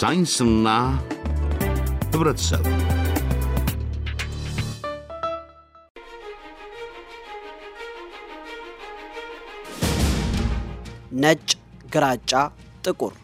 ሳይንስና ህብረተሰብ ነጭ፣ ግራጫ፣ ጥቁር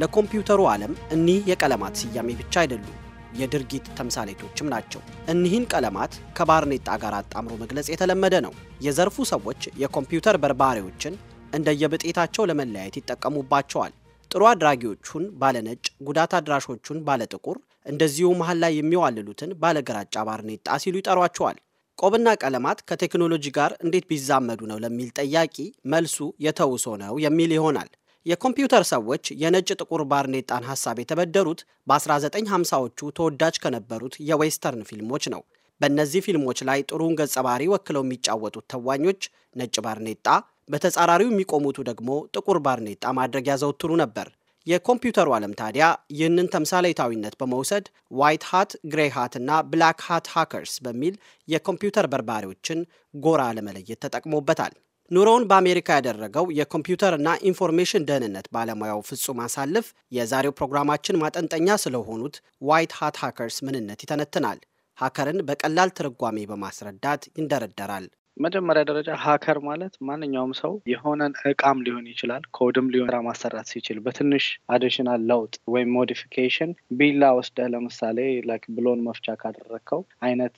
ለኮምፒውተሩ ዓለም እኒህ የቀለማት ስያሜ ብቻ አይደሉም። የድርጊት ተምሳሌቶችም ናቸው። እኒህን ቀለማት ከባርኔጣ ጋር አጣምሮ መግለጽ የተለመደ ነው። የዘርፉ ሰዎች የኮምፒውተር በርባሪዎችን እንደየብጤታቸው ለመለያየት ይጠቀሙባቸዋል። ጥሩ አድራጊዎቹን ባለነጭ፣ ጉዳት አድራሾቹን ባለጥቁር፣ እንደዚሁ መሀል ላይ የሚዋልሉትን ባለግራጫ ባርኔጣ ሲሉ ይጠሯቸዋል። ቆብና ቀለማት ከቴክኖሎጂ ጋር እንዴት ቢዛመዱ ነው ለሚል ጠያቂ መልሱ የተውሶ ነው የሚል ይሆናል። የኮምፒውተር ሰዎች የነጭ ጥቁር ባርኔጣን ሐሳብ የተበደሩት በ1950ዎቹ ተወዳጅ ከነበሩት የዌስተርን ፊልሞች ነው። በእነዚህ ፊልሞች ላይ ጥሩውን ገጸ ባህሪ ወክለው የሚጫወቱት ተዋኞች ነጭ ባርኔጣ፣ በተጻራሪው የሚቆሙቱ ደግሞ ጥቁር ባርኔጣ ማድረግ ያዘወትሩ ነበር። የኮምፒውተሩ ዓለም ታዲያ ይህንን ተምሳሌታዊነት በመውሰድ ዋይት ሃት፣ ግሬ ሃት እና ብላክ ሃት ሃከርስ በሚል የኮምፒውተር በርባሪዎችን ጎራ ለመለየት ተጠቅሞበታል። ኑሮውን በአሜሪካ ያደረገው የኮምፒውተርና ኢንፎርሜሽን ደህንነት ባለሙያው ፍጹም አሳልፍ የዛሬው ፕሮግራማችን ማጠንጠኛ ስለሆኑት ዋይት ሃት ሃከርስ ምንነት ይተነትናል። ሃከርን በቀላል ትርጓሜ በማስረዳት ይንደረደራል። መጀመሪያ ደረጃ ሀከር ማለት ማንኛውም ሰው የሆነን እቃም ሊሆን ይችላል ኮድም ሊሆን ማሰራት ሲችል በትንሽ አዲሽናል ለውጥ ወይም ሞዲፊኬሽን ቢላ ወስደህ ለምሳሌ ላይክ ብሎን መፍቻ ካደረግከው አይነት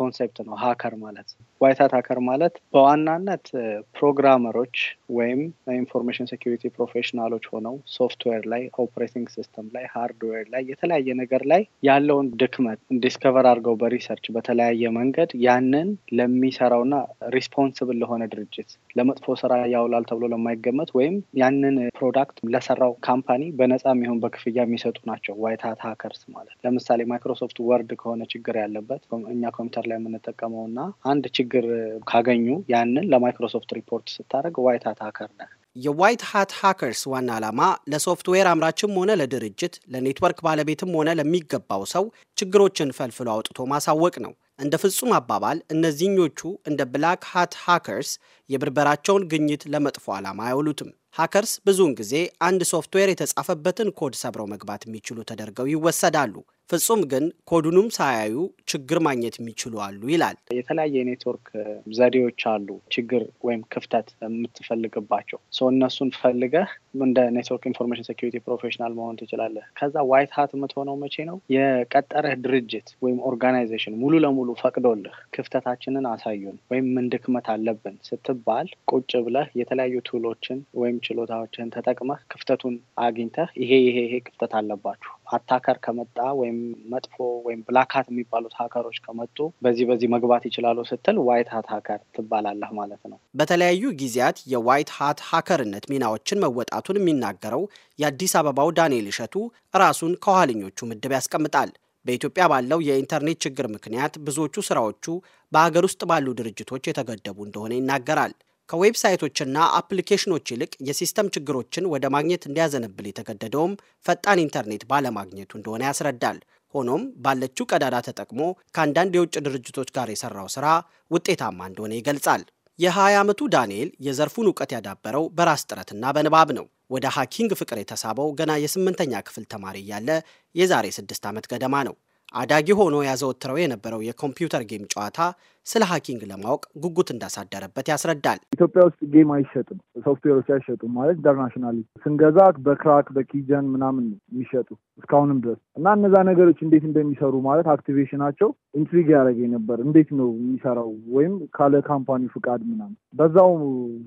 ኮንሴፕት uh, ነው ሀከር ማለት። ዋይት ሃት ሀከር ማለት በዋናነት ፕሮግራመሮች ወይም ኢንፎርሜሽን ሴኪሪቲ ፕሮፌሽናሎች ሆነው ሶፍትዌር ላይ፣ ኦፕሬቲንግ ሲስተም ላይ፣ ሃርድዌር ላይ የተለያየ ነገር ላይ ያለውን ድክመት ዲስከቨር አድርገው በሪሰርች በተለያየ መንገድ ያንን ለሚሰራውና ሪስፖንስብል ለሆነ ድርጅት ለመጥፎ ስራ ያውላል ተብሎ ለማይገመት ወይም ያንን ፕሮዳክት ለሰራው ካምፓኒ በነፃ የሚሆን በክፍያ የሚሰጡ ናቸው ዋይታት ሀከርስ ማለት። ለምሳሌ ማይክሮሶፍት ወርድ ከሆነ ችግር ያለበት እኛ ኮምፒውተር ላይ የምንጠቀመውና አንድ ችግር ችግር ካገኙ ያንን ለማይክሮሶፍት ሪፖርት ስታደርግ ዋይት ሀት ሀከር ነ የዋይት ሀት ሃከርስ ዋና ዓላማ ለሶፍትዌር አምራችም ሆነ ለድርጅት፣ ለኔትወርክ ባለቤትም ሆነ ለሚገባው ሰው ችግሮችን ፈልፍሎ አውጥቶ ማሳወቅ ነው። እንደ ፍጹም አባባል እነዚህኞቹ እንደ ብላክ ሃት ሃከርስ የብርበራቸውን ግኝት ለመጥፎ ዓላማ አይውሉትም። ሀከርስ ብዙውን ጊዜ አንድ ሶፍትዌር የተጻፈበትን ኮድ ሰብረው መግባት የሚችሉ ተደርገው ይወሰዳሉ። ፍጹም ግን ኮዱንም ሳያዩ ችግር ማግኘት የሚችሉ አሉ ይላል። የተለያየ የኔትወርክ ዘዴዎች አሉ፣ ችግር ወይም ክፍተት የምትፈልግባቸው ሰው እነሱን ፈልገህ እንደ ኔትወርክ ኢንፎርሜሽን ሴኪሪቲ ፕሮፌሽናል መሆን ትችላለህ። ከዛ ዋይት ሀት የምትሆነው መቼ ነው? የቀጠረህ ድርጅት ወይም ኦርጋናይዜሽን ሙሉ ለሙሉ ፈቅዶልህ ክፍተታችንን አሳዩን ወይም ምን ድክመት አለብን ስትባል ቁጭ ብለህ የተለያዩ ቱሎችን ወይም ችሎታዎችን ተጠቅመህ ክፍተቱን አግኝተህ ይሄ ይሄ ይሄ ክፍተት አለባችሁ አታከር ከመጣ ወይም መጥፎ ወይም ብላካት የሚባሉት ሀከሮች ከመጡ በዚህ በዚህ መግባት ይችላሉ ስትል ዋይት ሀት ሀከር ትባላለህ ማለት ነው። በተለያዩ ጊዜያት የዋይት ሀት ሀከርነት ሚናዎችን መወጣቱን የሚናገረው የአዲስ አበባው ዳንኤል እሸቱ ራሱን ከኋለኞቹ ምድብ ያስቀምጣል። በኢትዮጵያ ባለው የኢንተርኔት ችግር ምክንያት ብዙዎቹ ስራዎቹ በሀገር ውስጥ ባሉ ድርጅቶች የተገደቡ እንደሆነ ይናገራል። ከዌብሳይቶችና አፕሊኬሽኖች ይልቅ የሲስተም ችግሮችን ወደ ማግኘት እንዲያዘነብል የተገደደውም ፈጣን ኢንተርኔት ባለማግኘቱ እንደሆነ ያስረዳል። ሆኖም ባለችው ቀዳዳ ተጠቅሞ ከአንዳንድ የውጭ ድርጅቶች ጋር የሰራው ስራ ውጤታማ እንደሆነ ይገልጻል። የ20 ዓመቱ ዳንኤል የዘርፉን እውቀት ያዳበረው በራስ ጥረትና በንባብ ነው። ወደ ሀኪንግ ፍቅር የተሳበው ገና የስምንተኛ ክፍል ተማሪ እያለ የዛሬ ስድስት ዓመት ገደማ ነው። አዳጊ ሆኖ ያዘወትረው የነበረው የኮምፒውተር ጌም ጨዋታ ስለ ሀኪንግ ለማወቅ ጉጉት እንዳሳደረበት ያስረዳል። ኢትዮጵያ ውስጥ ጌም አይሸጥም፣ ሶፍትዌሮች አይሸጡም ማለት ኢንተርናሽናል ስንገዛ በክራክ በኪጀን ምናምን የሚሸጡ እስካሁንም ድረስ እና እነዛ ነገሮች እንዴት እንደሚሰሩ ማለት አክቲቬሽናቸው ኢንትሪግ ያደረገኝ ነበር። እንዴት ነው የሚሰራው ወይም ካለ ካምፓኒ ፍቃድ ምናምን። በዛው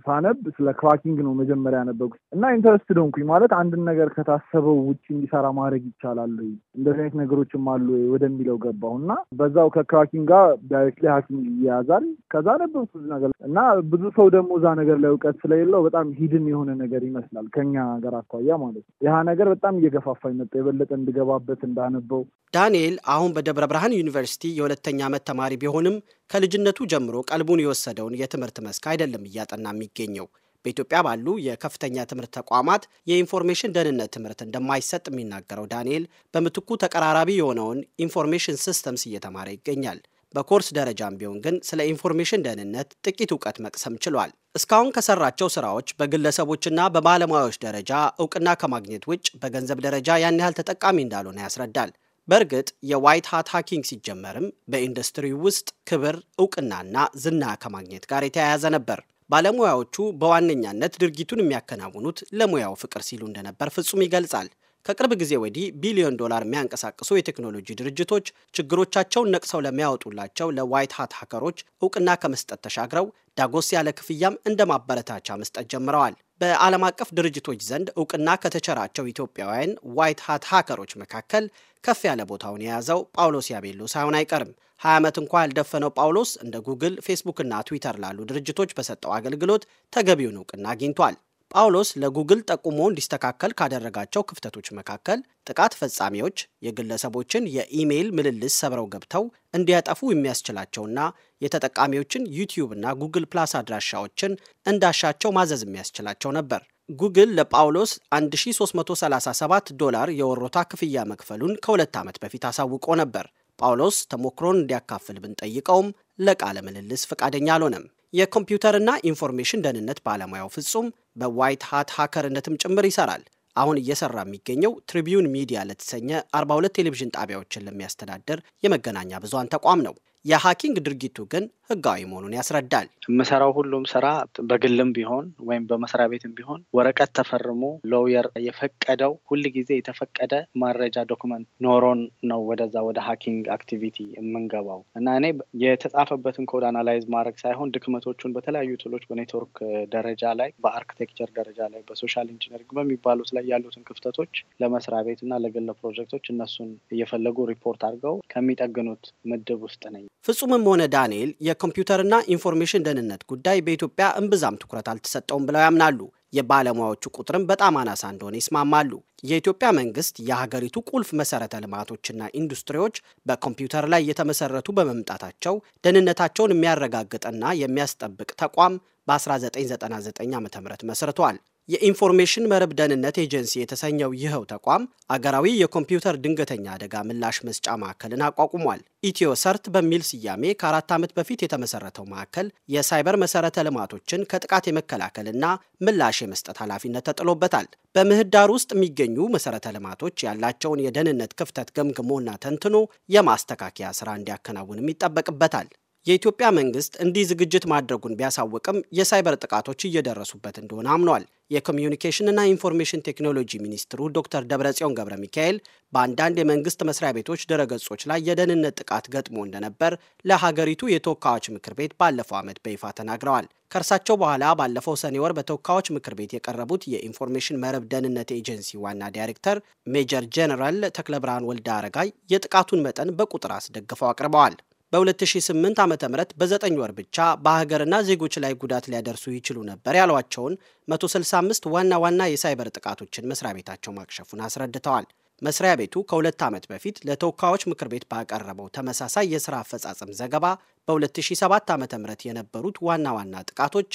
ሳነብ ስለ ክራኪንግ ነው መጀመሪያ ያነበብኩት እና ኢንተረስትድ ሆንኩኝ። ማለት አንድን ነገር ከታሰበው ውጭ እንዲሰራ ማድረግ ይቻላል፣ እንደዚህ አይነት ነገሮችም አሉ ወደሚለው ገባሁ እና በዛው ከክራኪንግ ጋር ዳይሬክትሊ ሀኪንግ ይያዛል። ከዛ ነበር ነገር እና ብዙ ሰው ደግሞ እዛ ነገር ላይ እውቀት ስለሌለው በጣም ሂድን የሆነ ነገር ይመስላል ከኛ ሀገር አኳያ ማለት ነው። ያህ ነገር በጣም እየገፋፋኝ መጣ የበለጠ እንድገባበት እንዳነበው። ዳንኤል አሁን በደብረ ብርሃን ዩኒቨርሲቲ የሁለተኛ ዓመት ተማሪ ቢሆንም ከልጅነቱ ጀምሮ ቀልቡን የወሰደውን የትምህርት መስክ አይደለም እያጠና የሚገኘው። በኢትዮጵያ ባሉ የከፍተኛ ትምህርት ተቋማት የኢንፎርሜሽን ደህንነት ትምህርት እንደማይሰጥ የሚናገረው ዳንኤል በምትኩ ተቀራራቢ የሆነውን ኢንፎርሜሽን ሲስተምስ እየተማረ ይገኛል። በኮርስ ደረጃም ቢሆን ግን ስለ ኢንፎርሜሽን ደህንነት ጥቂት እውቀት መቅሰም ችሏል። እስካሁን ከሰራቸው ስራዎች በግለሰቦችና በባለሙያዎች ደረጃ እውቅና ከማግኘት ውጭ በገንዘብ ደረጃ ያን ያህል ተጠቃሚ እንዳልሆነ ያስረዳል። በእርግጥ የዋይት ሃት ሃኪንግ ሲጀመርም በኢንዱስትሪ ውስጥ ክብር እውቅናና ዝና ከማግኘት ጋር የተያያዘ ነበር። ባለሙያዎቹ በዋነኛነት ድርጊቱን የሚያከናውኑት ለሙያው ፍቅር ሲሉ እንደነበር ፍጹም ይገልጻል። ከቅርብ ጊዜ ወዲህ ቢሊዮን ዶላር የሚያንቀሳቅሱ የቴክኖሎጂ ድርጅቶች ችግሮቻቸውን ነቅሰው ለሚያወጡላቸው ለዋይት ሀት ሀከሮች እውቅና ከመስጠት ተሻግረው ዳጎስ ያለ ክፍያም እንደ ማበረታቻ መስጠት ጀምረዋል። በዓለም አቀፍ ድርጅቶች ዘንድ እውቅና ከተቸራቸው ኢትዮጵያውያን ዋይት ሀት ሀከሮች መካከል ከፍ ያለ ቦታውን የያዘው ጳውሎስ ያቤሎ ሳይሆን አይቀርም። ሀያ ዓመት እንኳ ያልደፈነው ጳውሎስ እንደ ጉግል፣ ፌስቡክና ትዊተር ላሉ ድርጅቶች በሰጠው አገልግሎት ተገቢውን እውቅና አግኝቷል። ጳውሎስ ለጉግል ጠቁሞ እንዲስተካከል ካደረጋቸው ክፍተቶች መካከል ጥቃት ፈጻሚዎች የግለሰቦችን የኢሜይል ምልልስ ሰብረው ገብተው እንዲያጠፉ የሚያስችላቸውና የተጠቃሚዎችን ዩቲዩብና ጉግል ፕላስ አድራሻዎችን እንዳሻቸው ማዘዝ የሚያስችላቸው ነበር። ጉግል ለጳውሎስ 1337 ዶላር የወሮታ ክፍያ መክፈሉን ከሁለት ዓመት በፊት አሳውቆ ነበር። ጳውሎስ ተሞክሮን እንዲያካፍል ብንጠይቀውም ለቃለ ምልልስ ፈቃደኛ አልሆነም። የኮምፒውተርና ኢንፎርሜሽን ደህንነት ባለሙያው ፍጹም በዋይት ሃት ሀከርነትም ጭምር ይሰራል። አሁን እየሰራ የሚገኘው ትሪቢዩን ሚዲያ ለተሰኘ 42 ቴሌቪዥን ጣቢያዎችን ለሚያስተዳደር የመገናኛ ብዙሃን ተቋም ነው። የሀኪንግ ድርጊቱ ግን ህጋዊ መሆኑን ያስረዳል። የምሰራው ሁሉም ስራ በግልም ቢሆን ወይም በመስሪያ ቤትም ቢሆን ወረቀት ተፈርሞ ሎየር የፈቀደው ሁል ጊዜ የተፈቀደ ማረጃ ዶክመንት ኖሮን ነው ወደዛ ወደ ሀኪንግ አክቲቪቲ የምንገባው እና እኔ የተጻፈበትን ኮድ አናላይዝ ማድረግ ሳይሆን ድክመቶቹን በተለያዩ ትሎች በኔትወርክ ደረጃ ላይ፣ በአርክቴክቸር ደረጃ ላይ፣ በሶሻል ኢንጂነሪንግ በሚባሉት ላይ ያሉትን ክፍተቶች ለመስሪያ ቤት እና ለግል ፕሮጀክቶች እነሱን እየፈለጉ ሪፖርት አድርገው ከሚጠግኑት ምድብ ውስጥ ነኝ። ፍጹምም ሆነ ዳንኤል የኮምፒውተርና ኢንፎርሜሽን ደህንነት ጉዳይ በኢትዮጵያ እምብዛም ትኩረት አልተሰጠውም ብለው ያምናሉ። የባለሙያዎቹ ቁጥርም በጣም አናሳ እንደሆነ ይስማማሉ። የኢትዮጵያ መንግስት የሀገሪቱ ቁልፍ መሰረተ ልማቶችና ኢንዱስትሪዎች በኮምፒውተር ላይ የተመሰረቱ በመምጣታቸው ደህንነታቸውን የሚያረጋግጥና የሚያስጠብቅ ተቋም በ1999 ዓ ም መስርቷል። የኢንፎርሜሽን መረብ ደህንነት ኤጀንሲ የተሰኘው ይኸው ተቋም አገራዊ የኮምፒውተር ድንገተኛ አደጋ ምላሽ መስጫ ማዕከልን አቋቁሟል። ኢትዮ ሰርት በሚል ስያሜ ከአራት ዓመት በፊት የተመሰረተው ማዕከል የሳይበር መሰረተ ልማቶችን ከጥቃት የመከላከልና ምላሽ የመስጠት ኃላፊነት ተጥሎበታል። በምህዳር ውስጥ የሚገኙ መሰረተ ልማቶች ያላቸውን የደህንነት ክፍተት ገምግሞና ተንትኖ የማስተካከያ ስራ እንዲያከናውንም ይጠበቅበታል። የኢትዮጵያ መንግስት እንዲህ ዝግጅት ማድረጉን ቢያሳውቅም የሳይበር ጥቃቶች እየደረሱበት እንደሆነ አምኗል። የኮሚዩኒኬሽንና ኢንፎርሜሽን ቴክኖሎጂ ሚኒስትሩ ዶክተር ደብረጽዮን ገብረ ሚካኤል በአንዳንድ የመንግስት መስሪያ ቤቶች ድረገጾች ላይ የደህንነት ጥቃት ገጥሞ እንደነበር ለሀገሪቱ የተወካዮች ምክር ቤት ባለፈው ዓመት በይፋ ተናግረዋል። ከእርሳቸው በኋላ ባለፈው ሰኔ ወር በተወካዮች ምክር ቤት የቀረቡት የኢንፎርሜሽን መረብ ደህንነት ኤጀንሲ ዋና ዳይሬክተር ሜጀር ጄኔራል ተክለብርሃን ወልደ አረጋይ የጥቃቱን መጠን በቁጥር አስደግፈው አቅርበዋል። በ2008 ዓ ም በዘጠኝ ወር ብቻ በሀገርና ዜጎች ላይ ጉዳት ሊያደርሱ ይችሉ ነበር ያሏቸውን 165 ዋና ዋና የሳይበር ጥቃቶችን መስሪያ ቤታቸው ማክሸፉን አስረድተዋል። መስሪያ ቤቱ ከሁለት ዓመት በፊት ለተወካዮች ምክር ቤት ባቀረበው ተመሳሳይ የሥራ አፈጻጸም ዘገባ በ2007 ዓ ም የነበሩት ዋና ዋና ጥቃቶች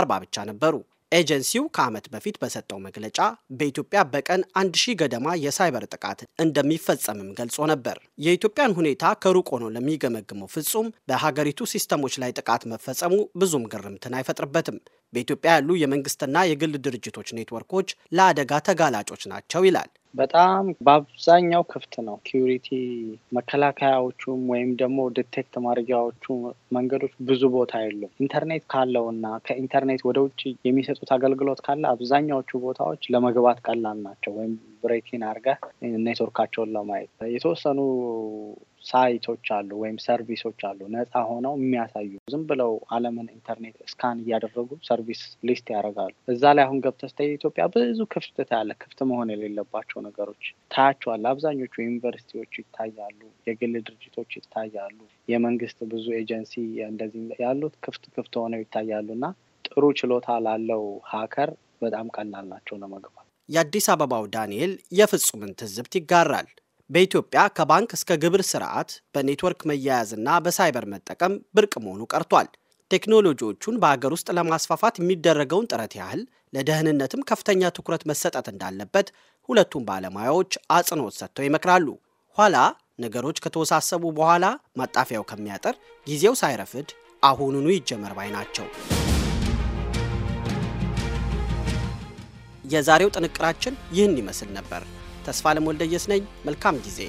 አርባ ብቻ ነበሩ። ኤጀንሲው ከዓመት በፊት በሰጠው መግለጫ በኢትዮጵያ በቀን አንድ ሺህ ገደማ የሳይበር ጥቃት እንደሚፈጸምም ገልጾ ነበር። የኢትዮጵያን ሁኔታ ከሩቅ ሆኖ ለሚገመግመው ፍጹም በሀገሪቱ ሲስተሞች ላይ ጥቃት መፈጸሙ ብዙም ግርምትን አይፈጥርበትም። በኢትዮጵያ ያሉ የመንግስትና የግል ድርጅቶች ኔትወርኮች ለአደጋ ተጋላጮች ናቸው ይላል። በጣም በአብዛኛው ክፍት ነው። ኪዩሪቲ መከላከያዎቹም ወይም ደግሞ ዲቴክት ማድረጊያዎቹ መንገዶች ብዙ ቦታ የሉም። ኢንተርኔት ካለው እና ከኢንተርኔት ወደ ውጭ የሚሰጡት አገልግሎት ካለ አብዛኛዎቹ ቦታዎች ለመግባት ቀላል ናቸው። ወይም ብሬኪን አድርገህ ኔትወርካቸውን ለማየት የተወሰኑ ሳይቶች አሉ ወይም ሰርቪሶች አሉ ነፃ ሆነው የሚያሳዩ ዝም ብለው አለምን ኢንተርኔት እስካን እያደረጉ ሰርቪስ ሊስት ያደርጋሉ። እዛ ላይ አሁን ገብተስ ኢትዮጵያ ብዙ ክፍት ያለ ክፍት መሆን የሌለባቸው ነገሮች ታያቸዋል። አብዛኞቹ ዩኒቨርሲቲዎች ይታያሉ፣ የግል ድርጅቶች ይታያሉ፣ የመንግስት ብዙ ኤጀንሲ እንደዚህ ያሉት ክፍት ክፍት ሆነው ይታያሉ እና ጥሩ ችሎታ ላለው ሀከር በጣም ቀላል ናቸው ለመግባት። የአዲስ አበባው ዳንኤል የፍጹምን ትዝብት ይጋራል። በኢትዮጵያ ከባንክ እስከ ግብር ስርዓት በኔትወርክ መያያዝና በሳይበር መጠቀም ብርቅ መሆኑ ቀርቷል። ቴክኖሎጂዎቹን በሀገር ውስጥ ለማስፋፋት የሚደረገውን ጥረት ያህል ለደህንነትም ከፍተኛ ትኩረት መሰጠት እንዳለበት ሁለቱም ባለሙያዎች አጽንኦት ሰጥተው ይመክራሉ። ኋላ ነገሮች ከተወሳሰቡ በኋላ ማጣፊያው ከሚያጥር ጊዜው ሳይረፍድ አሁኑኑ ይጀመር ባይ ናቸው። የዛሬው ጥንቅራችን ይህን ይመስል ነበር። ተስፋ ለሞልደየስ ነኝ። መልካም ጊዜ